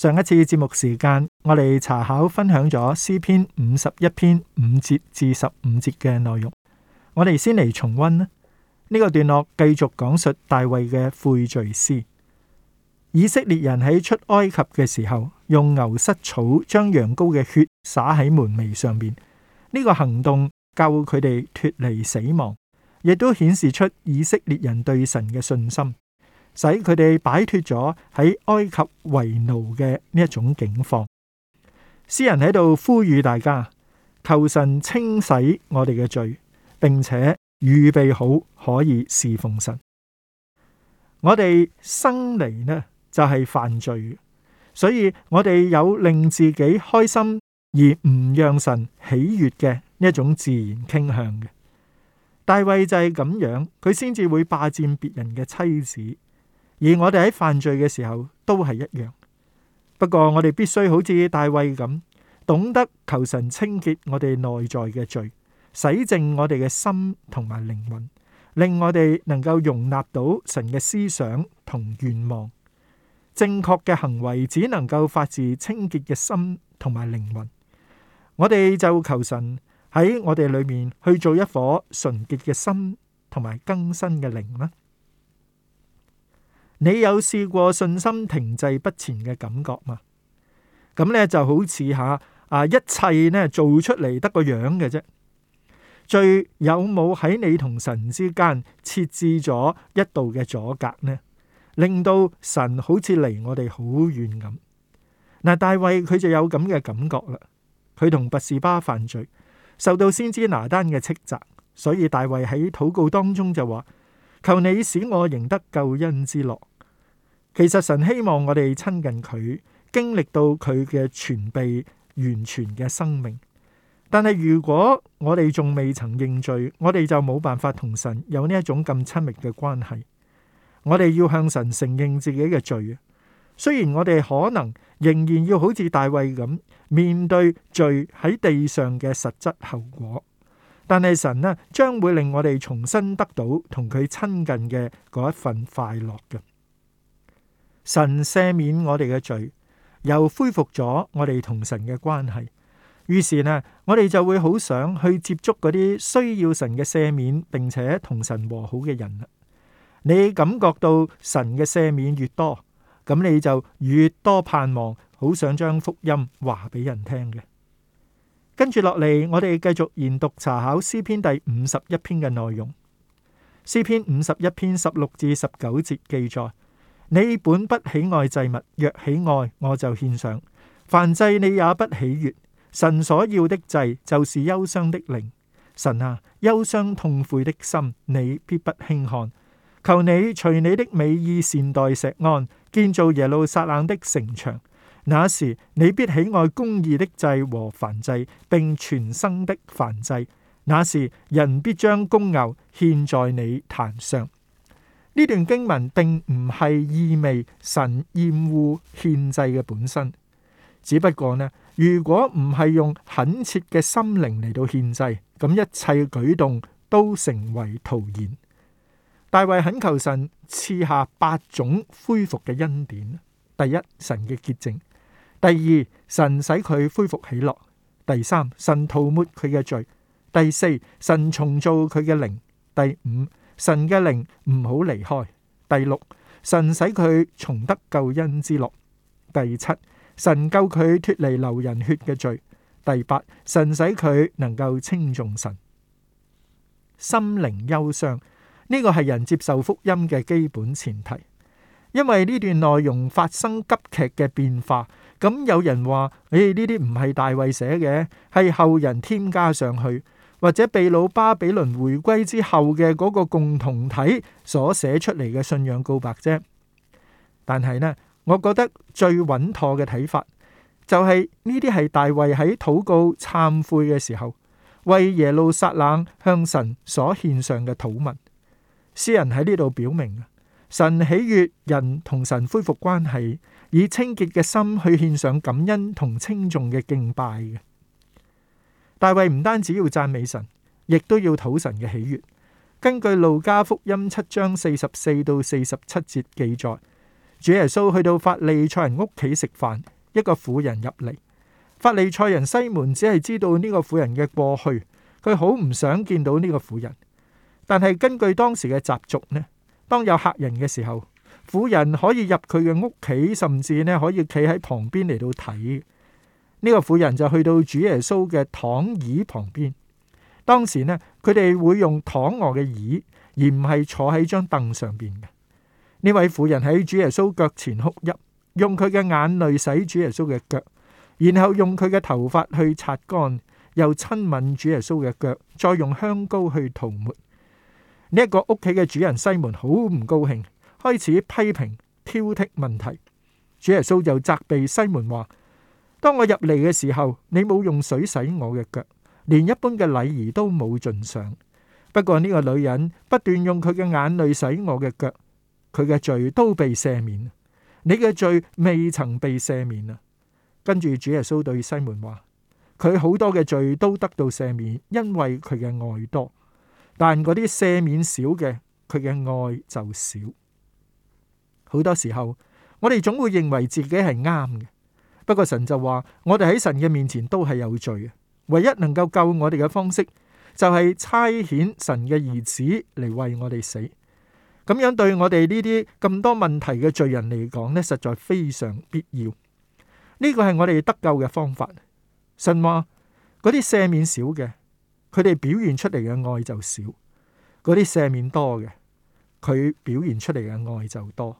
上一次節目時間，我哋查考分享咗詩篇五十一篇五節至十五節嘅內容。我哋先嚟重溫啦。呢、呢個段落繼續講述大衛嘅悔罪詩。以色列人喺出埃及嘅時候，用牛膝草將羊羔嘅血灑喺門楣上面。呢、呢個行動救佢哋脫離死亡，亦都顯示出以色列人對神嘅信心。使佢哋擺脫咗喺埃及為奴嘅呢一種境況。詩人喺度呼籲大家，求神清洗我哋嘅罪，並且預備好可以侍奉神。我哋生嚟呢就係犯罪，所以我哋有令自己開心而唔讓神喜悅嘅呢一種自然傾向嘅。大衛就係咁樣，佢先至會霸佔別人嘅妻子。而我哋喺犯罪嘅時候都係一樣，不過我哋必須好似大衛咁，懂得求神清潔我哋內在嘅罪，洗淨我哋嘅心同埋靈魂，令我哋能夠容納到神嘅思想同願望。正確嘅行為只能夠發自清潔嘅心同埋靈魂。我哋就求神喺我哋裏面去做一顆純潔嘅心同埋更新嘅靈啦。你有試過信心停滯不前嘅感覺嘛？咁呢就好似吓啊，一切呢做出嚟得個樣嘅啫。最有冇喺你同神之間設置咗一道嘅阻隔呢？令到神好似離我哋好遠咁。嗱，大衛佢就有咁嘅感覺啦。佢同拔士巴犯罪，受到先知拿單嘅斥責，所以大衛喺禱告當中就話：求你使我仍得救恩之樂。其實神希望我哋親近佢，經歷到佢嘅全備完全嘅生命。但係如果我哋仲未曾認罪，我哋就冇辦法同神有呢一種咁親密嘅關係。我哋要向神承認自己嘅罪啊！雖然我哋可能仍然要好似大衛咁面對罪喺地上嘅實質後果，但係神呢將會令我哋重新得到同佢親近嘅嗰一份快樂嘅。神赦免我哋嘅罪，又恢復咗我哋同神嘅關係。於是呢，我哋就會好想去接觸嗰啲需要神嘅赦免，並且同神和好嘅人。你感覺到神嘅赦免越多，咁你就越多盼望，好想將福音話俾人聽嘅。跟住落嚟，我哋繼續研讀查考詩篇第五十一篇嘅內容。詩篇五十一篇十六至十九節記載。你本不喜愛祭物，若喜愛，我就獻上。燔祭你也不喜悦。神所要的祭，就是憂傷的靈。神啊，憂傷痛悔的心，你必不輕看。求你隨你的美意善待錫安，建造耶路撒冷的城牆。那時你必喜愛公義的祭和燔祭，並全牲的燔祭。那時人必將公牛獻在你壇上。呢段經文並唔係意味神厭惡獻祭嘅本身，只不過呢，如果唔係用懇切嘅心靈嚟到獻祭，咁一切舉動都成為徒然。大衛懇求神賜下八種恢復嘅恩典：，第一，神嘅潔淨；，第二，神使佢恢復喜樂；第三，神塗抹佢嘅罪；，第四，神重造佢嘅靈；，第五。神嘅靈唔好離開。第六，神使佢從得救恩之樂。第七，神救佢脱離流人血嘅罪。第八，神使佢能夠稱重神。心靈憂傷呢個係人接受福音嘅基本前提，因為呢段內容發生急劇嘅變化。咁有人話：，誒呢啲唔係大衛寫嘅，係後人添加上去。或者被擄巴比倫回歸之後嘅嗰個共同體所寫出嚟嘅信仰告白啫，但係呢，我覺得最穩妥嘅睇法就係呢啲係大衛喺禱告懺悔嘅時候為耶路撒冷向神所獻上嘅禱文。詩人喺呢度表明，神喜悅人同神恢復關係，以清潔嘅心去獻上感恩同稱頌嘅敬拜嘅。大衛唔單止要讚美神，亦都要討神嘅喜悦。根據路加福音七章四十四到四十七節記載，主耶穌去到法利賽人屋企食飯，一個婦人入嚟。法利賽人西門只係知道呢個婦人嘅過去，佢好唔想見到呢個婦人。但係根據當時嘅習俗呢，當有客人嘅時候，婦人可以入佢嘅屋企，甚至呢可以企喺旁邊嚟到睇。呢個婦人就去到主耶穌嘅躺椅旁邊。當時呢，佢哋會用躺卧嘅椅，而唔係坐喺張凳上邊嘅。呢位婦人喺主耶穌腳前哭泣，用佢嘅眼淚洗主耶穌嘅腳，然後用佢嘅頭髮去擦乾，又親吻主耶穌嘅腳，再用香膏去塗抹。呢、這、一個屋企嘅主人西門好唔高興，開始批評挑剔問題。主耶穌就責備西門話。當我入嚟嘅時候，你冇用水洗我嘅腳，連一般嘅禮儀都冇盡上。不過呢個女人不斷用佢嘅眼淚洗我嘅腳，佢嘅罪都被赦免。你嘅罪未曾被赦免啊！跟住主耶穌對西門話：佢好多嘅罪都得到赦免，因為佢嘅愛多。但嗰啲赦免少嘅，佢嘅愛就少。好多時候，我哋總會認為自己係啱嘅。不過神就話：我哋喺神嘅面前都係有罪嘅，唯一能夠救我哋嘅方式就係差遣神嘅兒子嚟為我哋死。咁樣對我哋呢啲咁多問題嘅罪人嚟講呢，實在非常必要。呢個係我哋得救嘅方法。神話嗰啲赦免少嘅，佢哋表現出嚟嘅愛就少；嗰啲赦免多嘅，佢表現出嚟嘅愛就多。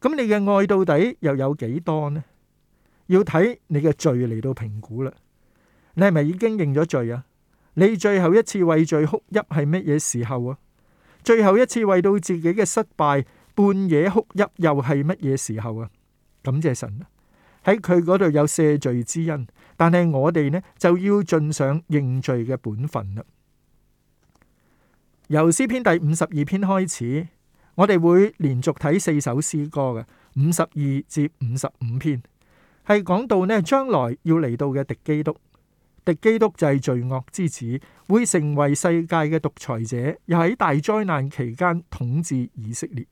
咁你嘅愛到底又有幾多呢？要睇你嘅罪嚟到評估啦。你係咪已經認咗罪啊？你最後一次為罪哭泣係乜嘢時候啊？最後一次為到自己嘅失敗半夜哭泣又係乜嘢時候啊？感謝神啊，喺佢嗰度有赦罪之恩，但係我哋呢就要盡上認罪嘅本分啦。由詩篇第五十二篇開始，我哋會連續睇四首詩歌嘅五十二至五十五篇。係講到咧，將來要嚟到嘅敵基督，敵基督就係罪惡之子，會成為世界嘅獨裁者，又喺大災難期間統治以色列。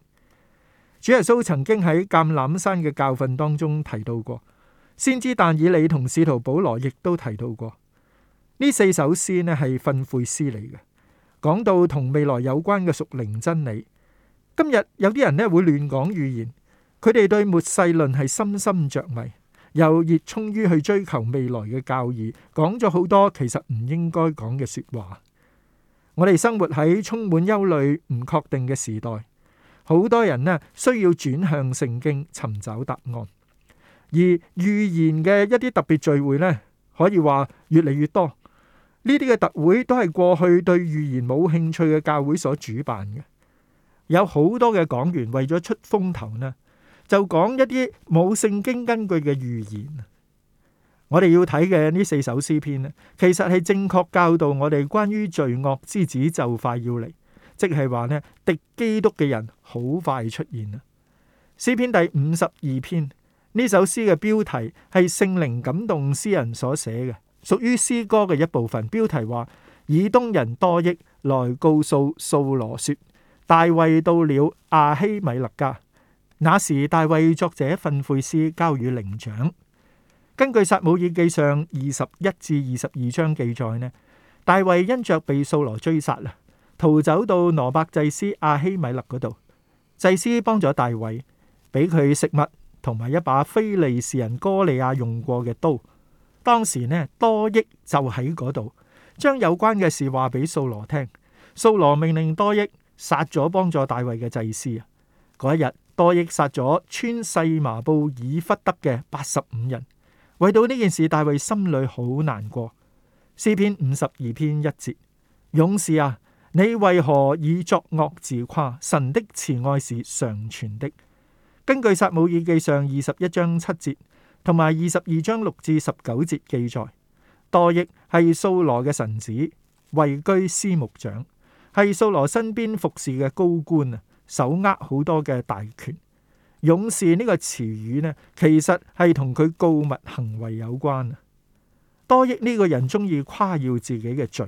主耶穌曾經喺橄欖山嘅教訓當中提到過，先知但以理同使徒保羅亦都提到過。呢四首詩咧係憤悔詩嚟嘅，講到同未來有關嘅屬靈真理。今日有啲人咧會亂講預言，佢哋對末世論係深深着迷。又熱衷於去追求未來嘅教義，講咗好多其實唔應該講嘅説話。我哋生活喺充滿憂慮、唔確定嘅時代，好多人呢需要轉向聖經尋找答案。而預言嘅一啲特別聚會呢，可以話越嚟越多。呢啲嘅特會都係過去對預言冇興趣嘅教會所主辦嘅，有好多嘅講員為咗出風頭呢。就講一啲冇聖經根據嘅預言。我哋要睇嘅呢四首詩篇呢，其實係正確教導我哋關於罪惡之子就快要嚟，即係話呢敵基督嘅人好快出現啦。詩篇第五十二篇呢首詩嘅標題係聖靈感動詩人所寫嘅，屬於詩歌嘅一部分。標題話：以東人多益來告訴掃羅說，大衛到了亞希米勒家。那時大衛作者訓誨詩交與伶長。根據撒母耳記上二十一至二十二章記載呢，大衛因着被掃羅追殺逃走到挪伯祭司亞希米勒嗰度，祭司幫咗大衛，俾佢食物同埋一把非利士人哥利亞用過嘅刀。當時呢，多益就喺嗰度，將有關嘅事話俾掃羅聽。掃羅命令多益殺咗幫助大衛嘅祭司嗰一日。多益殺咗穿細麻布以弗得嘅八十五人，為到呢件事，大衛心裏好難過。詩篇五十二篇一節：勇士啊，你為何以作惡自誇？神的慈愛是常存的。根據撒母耳記上二十一章七節同埋二十二章六至十九節記載，多益係掃羅嘅臣子，位居司牧長，係掃羅身邊服侍嘅高官啊。手握好多嘅大權，勇士呢個詞語呢，其實係同佢告密行為有關啊。多益呢個人中意誇耀自己嘅罪。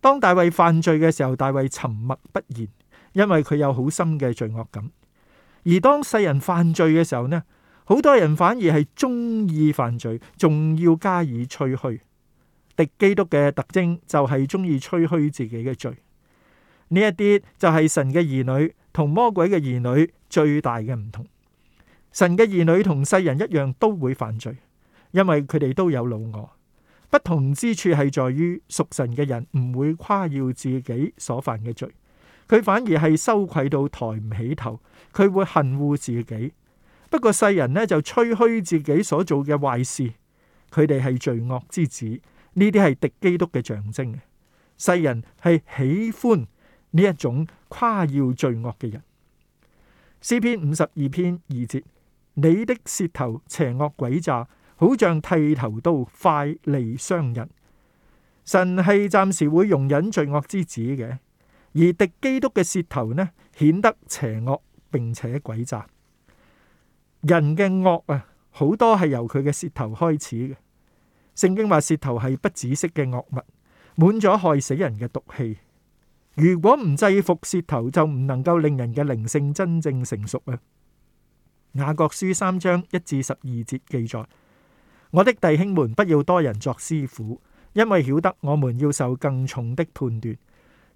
當大衛犯罪嘅時候，大衛沉默不言，因為佢有好深嘅罪惡感。而當世人犯罪嘅時候呢，好多人反而係中意犯罪，仲要加以吹噓。敵基督嘅特徵就係中意吹噓自己嘅罪。呢一啲就係神嘅兒女同魔鬼嘅兒女最大嘅唔同，神嘅兒女同世人一樣都會犯罪，因為佢哋都有老我。不同之處係在於屬神嘅人唔會誇耀自己所犯嘅罪，佢反而係羞愧到抬唔起頭，佢會恨惡自己。不過世人呢，就吹噓自己所做嘅壞事，佢哋係罪惡之子，呢啲係敵基督嘅象徵。世人係喜歡。呢一種誇耀罪惡嘅人，詩篇五十二篇二節：你的舌頭邪惡詭詐，好像剃頭刀，快利傷人。神係暫時會容忍罪惡之子嘅，而敵基督嘅舌頭呢，顯得邪惡並且詭詐。人嘅惡啊，好多係由佢嘅舌頭開始嘅。聖經話舌頭係不止息嘅惡物，滿咗害死人嘅毒氣。如果唔制服舌頭，就唔能夠令人嘅靈性真正成熟啊。雅各書三章一至十二節記載：我的弟兄們，不要多人作師傅，因為曉得我們要受更重的判斷。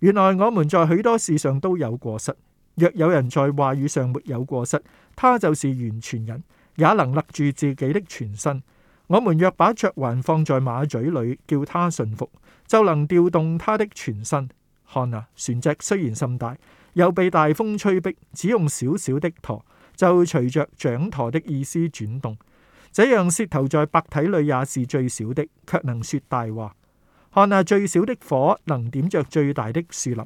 原來我們在許多事上都有過失。若有人在話語上沒有過失，他就是完全人，也能勒住自己的全身。我們若把嚼環放在馬嘴裏，叫他馴服，就能調動他的全身。看啊，船隻雖然甚大，又被大風吹逼，只用小小的舵就隨着掌舵的意思轉動。這樣舌頭在百體裏也是最小的，卻能説大話。看啊，最小的火能點着最大的樹林，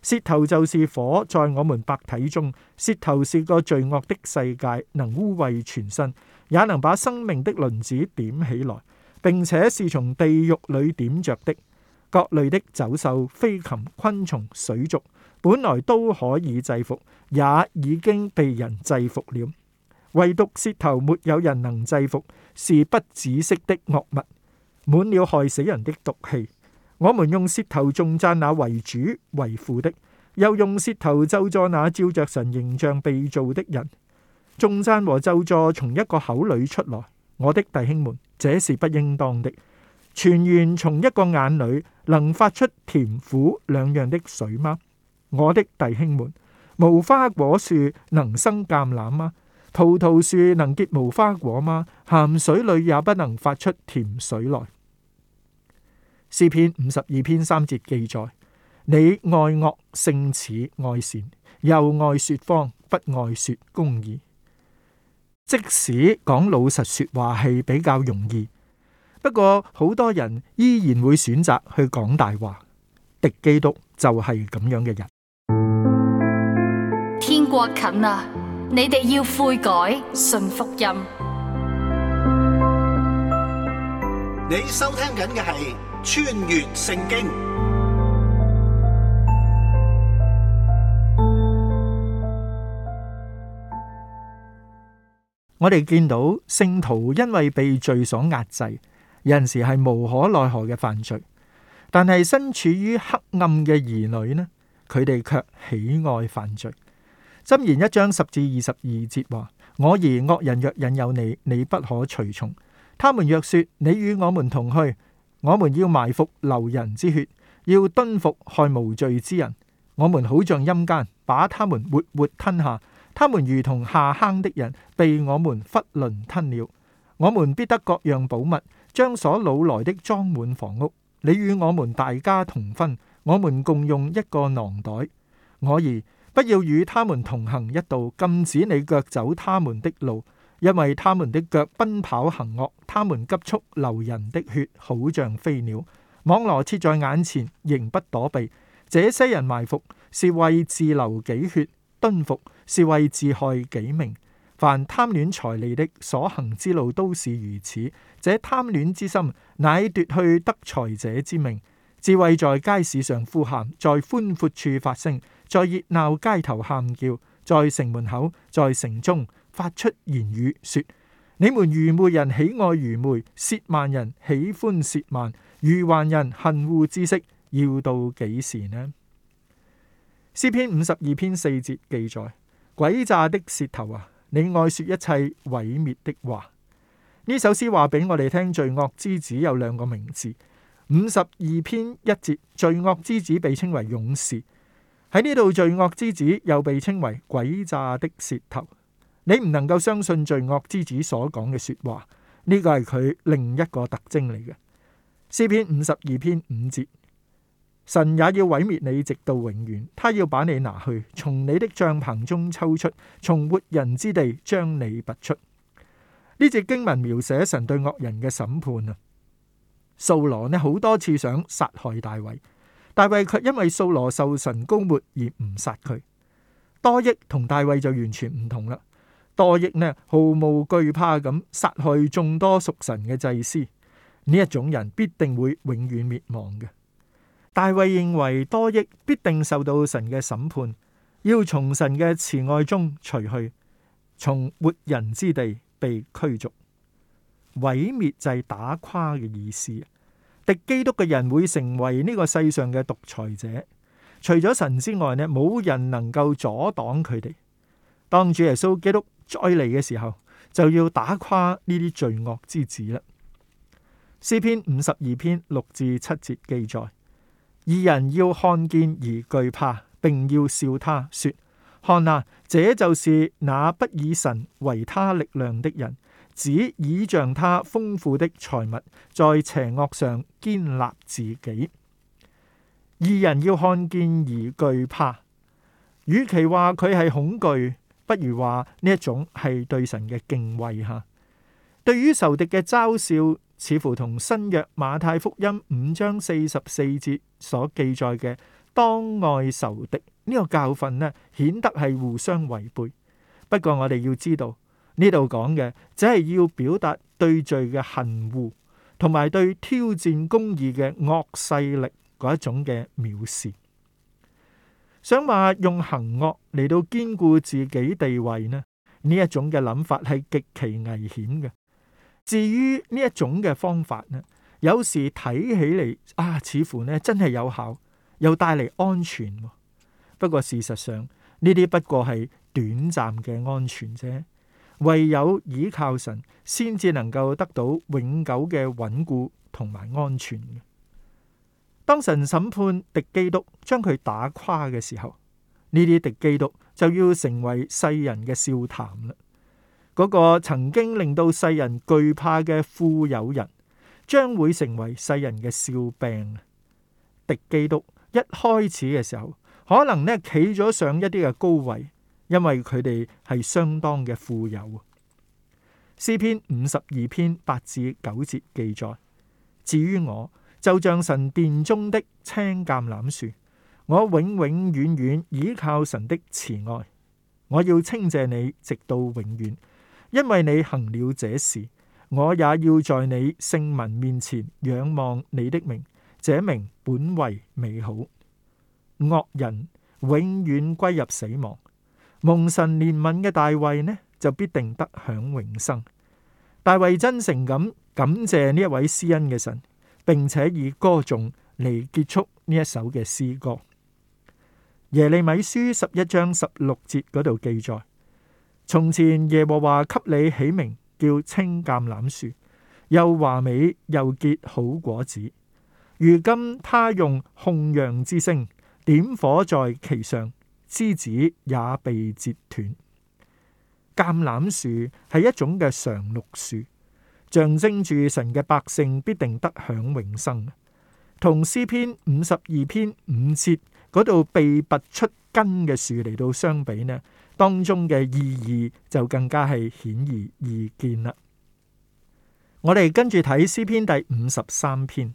舌頭就是火，在我們百體中，舌頭是個罪惡的世界，能污穢全身，也能把生命的輪子點起來。並且是從地獄裏點着的。各類的走獸、飛禽、昆蟲、水族，本來都可以制服，也已經被人制服了。唯獨舌頭沒有人能制服，是不止息的惡物，滿了害死人的毒氣。我們用舌頭頌讚那為主為父的，又用舌頭咒詛那照着神形象被造的人。頌讚和咒詛從一個口裏出來，我的弟兄們，這是不應當的。泉源從一個眼裏能發出甜苦兩樣的水嗎？我的弟兄們，無花果樹能生橄欖嗎？葡萄樹能結無花果嗎？鹹水裏也不能發出甜水來。詩篇五十二篇三節記載：你愛惡勝似愛善，又愛說謊不愛說公義。即使講老實說話係比較容易。不過好多人依然會選擇去講大話，敵基督就係咁樣嘅人。天國近啊，你哋要悔改，信福音。你收聽緊嘅係穿越聖經。 我哋見到聖徒因為被罪所壓制。有陣時係無可奈何嘅犯罪，但係身處於黑暗嘅兒女呢？佢哋卻喜愛犯罪。箴言一章十至二十二節話：我兒惡人若引誘你，你不可隨從；他們若説你與我們同去，我們要埋伏流人之血，要蹲伏害無罪之人。我們好像陰間，把他們活活吞下；他們如同下坑的人，被我們囫圇吞了。我們必得各樣寶物。將所擄來的裝滿房屋，你與我們大家同分，我們共用一個囊袋。我兒不要與他們同行一道，禁止你腳走他們的路，因為他們的腳奔跑行惡，他們急速流人的血，好像飛鳥。網羅設在眼前，仍不躲避。這些人埋伏，是為自流己血；蹲伏，是為自害己命。凡貪戀財利的所行之路都是如此。這貪戀之心，乃奪去得財者之命。智慧在街市上呼喊，在寬闊處發聲，在熱鬧街頭喊叫，在城門口、在城中發出言語，說：你們愚昧人喜愛愚昧，褻慢人喜歡褻慢，愚頑人恨惡知識，要到幾時呢？詩篇五十二篇四節記載：詭詐的舌頭啊！你愛說一切毀滅的話，呢首詩話俾我哋聽，罪惡之子有兩個名字。五十二篇一節，罪惡之子被稱為勇士。喺呢度，罪惡之子又被稱為詭詐的舌頭。你唔能夠相信罪惡之子所講嘅說話，呢個係佢另一個特徵嚟嘅。詩篇五十二篇五節。神也要毀滅你，直到永遠。他要把你拿去，從你的帳篷中抽出，從活人之地將你拔出。呢節經文描寫神對惡人嘅審判啊！掃羅呢，好多次想殺害大衛，大衛卻因為掃羅受神膏抹而唔殺佢。多益同大衛就完全唔同啦。多益呢，毫無懼怕咁殺害眾多屬神嘅祭司，呢一種人必定會永遠滅亡嘅。大衛認為多益必定受到神嘅審判，要從神嘅慈愛中除去，從活人之地被驅逐，毀滅就係打垮嘅意思。敵基督嘅人會成為呢個世上嘅獨裁者，除咗神之外呢，冇人能夠阻擋佢哋。當主耶穌基督再嚟嘅時候，就要打垮呢啲罪惡之子啦。詩篇五十二篇六至七節記載。二人要看見而懼怕，并要笑他說：看啊，這就是那不以神為他力量的人，只倚仗他豐富的財物，在邪惡上堅立自己。二人要看見而懼怕，與其話佢係恐懼，不如話呢一種係對神嘅敬畏吓。對於仇敵嘅嘲笑。似乎同新約馬太福音五章四十四節所記載嘅當愛仇敵呢個教訓呢，顯得係互相違背。不過我哋要知道呢度講嘅，只係要表達對罪嘅恨惡，同埋對挑戰公義嘅惡勢力嗰一種嘅藐視。想話用行惡嚟到堅固自己地位呢？呢一種嘅諗法係極其危險嘅。至於呢一種嘅方法咧，有時睇起嚟啊，似乎咧真係有效，又帶嚟安全。不過事實上，呢啲不過係短暫嘅安全啫。唯有倚靠神，先至能夠得到永久嘅穩固同埋安全嘅。當神審判敵基督，將佢打垮嘅時候，呢啲敵基督就要成為世人嘅笑談啦。嗰個曾經令到世人懼怕嘅富有人，將會成為世人嘅笑柄。敵基督一開始嘅時候，可能呢企咗上一啲嘅高位，因為佢哋係相當嘅富有。詩篇五十二篇八至九節記載：至於我，就像神殿中的青橄欖樹，我永永遠遠遠倚靠神的慈愛，我要稱謝你直到永遠。因為你行了這事，我也要在你聖民面前仰望你的名。這名本為美好，惡人永遠歸入死亡。蒙神憐憫嘅大衛呢，就必定得享永生。大衛真誠咁感謝呢一位施恩嘅神，並且以歌頌嚟結束呢一首嘅詩歌。耶利米書十一章十六節嗰度記載。從前耶和華給你起名叫青橄欖樹，又華美又結好果子。如今他用鬨嚷之聲點火在其上，枝子也被折斷。橄欖樹係一種嘅常綠樹，象徵住神嘅百姓必定得享永生。同詩篇五十二篇五節嗰度被拔出根嘅樹嚟到相比呢，當中嘅意義就更加係顯而易見啦。我哋跟住睇詩篇第五十三篇，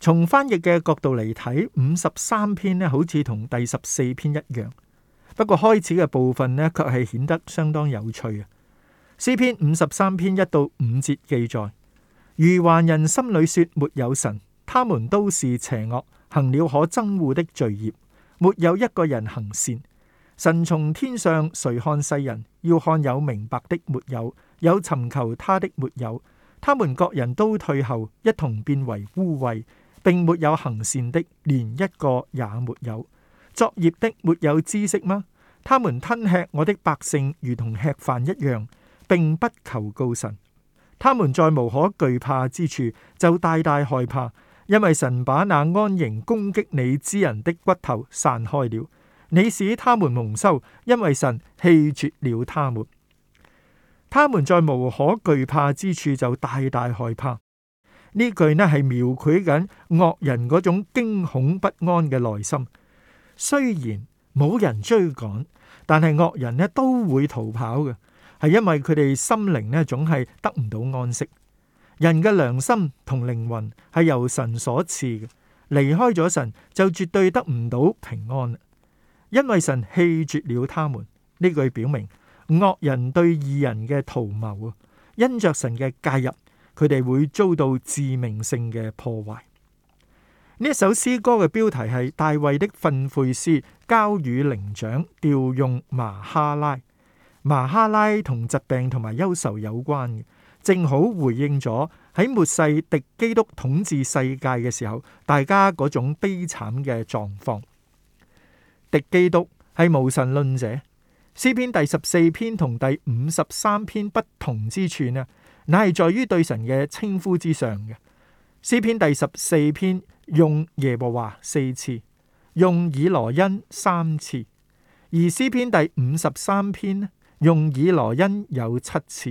從翻譯嘅角度嚟睇，五十三篇咧好似同第十四篇一樣，不過開始嘅部分咧卻係顯得相當有趣啊。詩篇五十三篇一到五節記載：如愚頑人心裏說沒有神，他們都是邪惡，行了可憎惡的罪孽，沒有一個人行善。神從天上垂看世人，要看有明白的沒有，有尋求他的沒有。他們各人都退後，一同變為污穢，並沒有行善的，連一個也沒有。作孽的沒有知識嗎？他們吞吃我的百姓，如同吃飯一樣，並不求告神。他們在無可懼怕之處，就大大害怕，因為神把那安營攻擊你之人的骨頭散開了。你使他們蒙羞，因為神棄絕了他們。他們在無可懼怕之處，就大大害怕。呢句呢係描繪緊惡人嗰種驚恐不安嘅內心。雖然冇人追趕，但係惡人呢都會逃跑嘅，係因為佢哋心靈呢總係得唔到安息。人嘅良心同靈魂係由神所賜嘅，離開咗神就絕對得唔到平安。因為神棄絕了他們，呢句表明惡人對異人嘅圖謀啊，因着神嘅介入，佢哋會遭到致命性嘅破壞。呢一首詩歌嘅標題係《大衛的訓誨詩》，交與伶長調用。麻哈拉，麻哈拉同疾病同埋憂愁有關嘅，正好回應咗喺末世敵基督統治世界嘅時候，大家嗰種悲慘嘅狀況。敵基督係無神論者。詩篇第十四篇同第五十三篇不同之處呢，乃係在於對神嘅稱呼之上嘅。詩篇第十四篇用耶和華四次，用以羅恩三次；而詩篇第五十三篇用以羅恩有七次。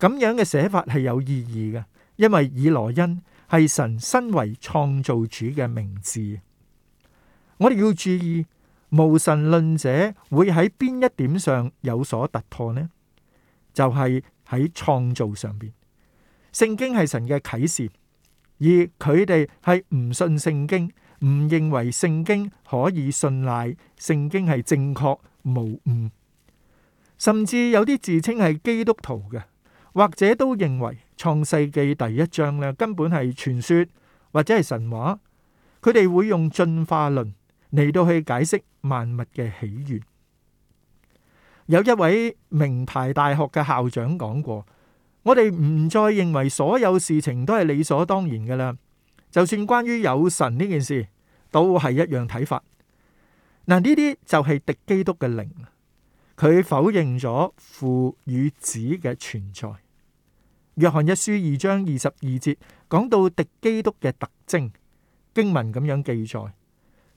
咁樣嘅寫法係有意義嘅，因為以羅恩係神身為創造主嘅名字。我哋要注意。無神論者會喺邊一點上有所突破呢？就係、是、喺創造上邊。聖經係神嘅啟示，而佢哋係唔信聖經，唔認為聖經可以信賴，聖經係正確無誤。甚至有啲自稱係基督徒嘅，或者都認為創世記第一章呢根本係傳說或者係神話。佢哋會用進化論。嚟到去解釋萬物嘅起源。有一位名牌大學嘅校長講過：我哋唔再認為所有事情都係理所當然㗎喇。就算關於有神呢件事，都係一樣睇法。嗱，呢啲就係敵基督嘅靈，佢否認咗父與子嘅存在。約翰一書二章二十二節講到敵基督嘅特徵，經文咁樣記載。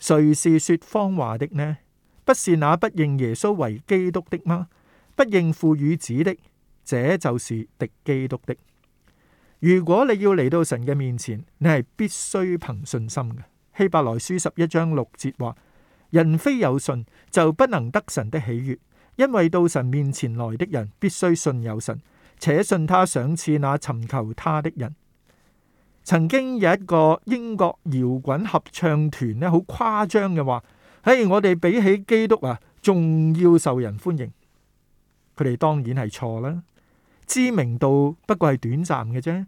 誰是說謊話的呢？不是那不認耶穌為基督的嗎？不認父與子的，這就是敵基督的。如果你要嚟到神嘅面前，你係必須憑信心嘅。希伯來書十一章六節話：人非有信就不能得神的喜悦，因為到神面前來的人必須信有神，且信他賞賜那尋求他的人。曾經有一個英國搖滾合唱團咧，好誇張嘅話：嘿，我哋比起基督啊，仲要受人歡迎。佢哋當然係錯啦，知名度不過係短暫嘅啫。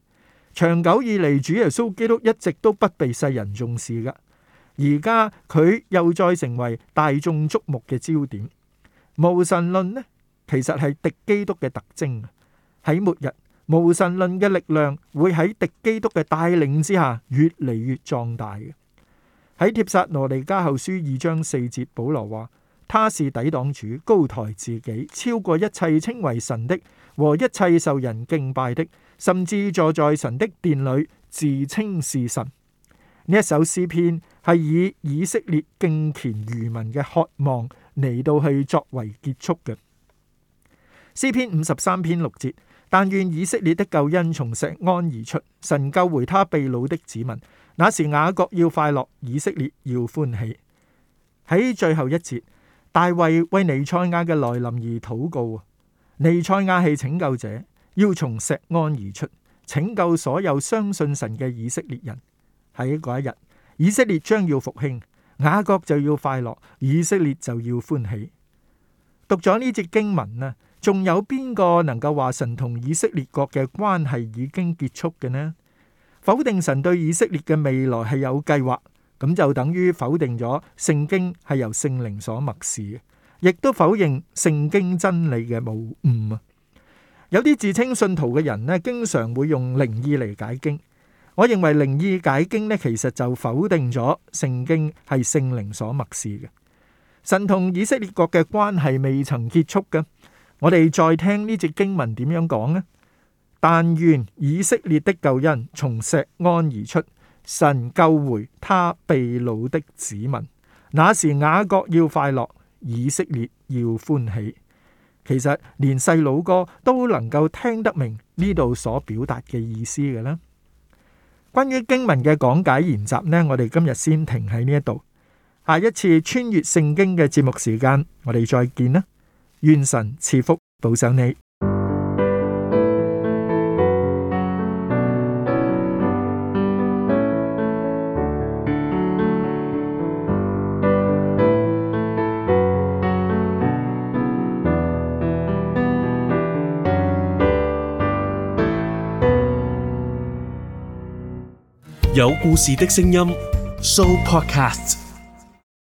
長久以嚟，主耶穌基督一直都不被世人重視㗎。而家佢又再成為大眾矚目嘅焦點。無神論呢，其實係敵基督嘅特徵。喺末日，無神論嘅力量會喺敵基督嘅帶領之下越嚟越壯大嘅。喺帖撒羅尼加後書二章四節，保羅話：他是抵擋主、高抬自己、超過一切稱為神的和一切受人敬拜的，甚至坐在神的殿裏自稱是神。呢一首詩篇係以以色列敬虔餘民嘅渴望嚟到去作為結束嘅。詩篇五十三篇六節。但願以色列的救恩從錫安而出，神救回他被擄的子民。那時雅各要快樂，以色列要歡喜。喺最後一節，大衛為彌賽亞嘅來臨而禱告，彌賽亞係拯救者，要從錫安而出，拯救所有相信神嘅以色列人。喺嗰一日，以色列將要復興，雅各就要快樂，以色列就要歡喜。讀咗呢節經文呢？仲有邊個能夠話神同以色列國嘅關係已經結束嘅呢？否定神對以色列嘅未來係有計劃，咁就等於否定咗聖經係由聖靈所默示嘅，亦都否認聖經真理嘅無誤啊！有啲自稱信徒嘅人咧，經常會用靈意嚟解經。我認為靈意解經咧，其實就否定咗聖經係聖靈所默示嘅。神同以色列國嘅關係未曾結束嘅。我哋再聽呢隻經文點樣講呢？但願以色列的救恩從錫安而出，神救回他被擄的子民。那時雅各要快樂，以色列要歡喜。其實連細佬哥都能夠聽得明呢度所表達嘅意思嘅啦。關於經文嘅講解研習呢，我哋今日先停喺呢一度。下一次穿越聖經嘅節目時間，我哋再見啦。願神賜福，保守你。有故事的聲音，Sooopodcast。